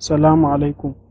السلام عليكم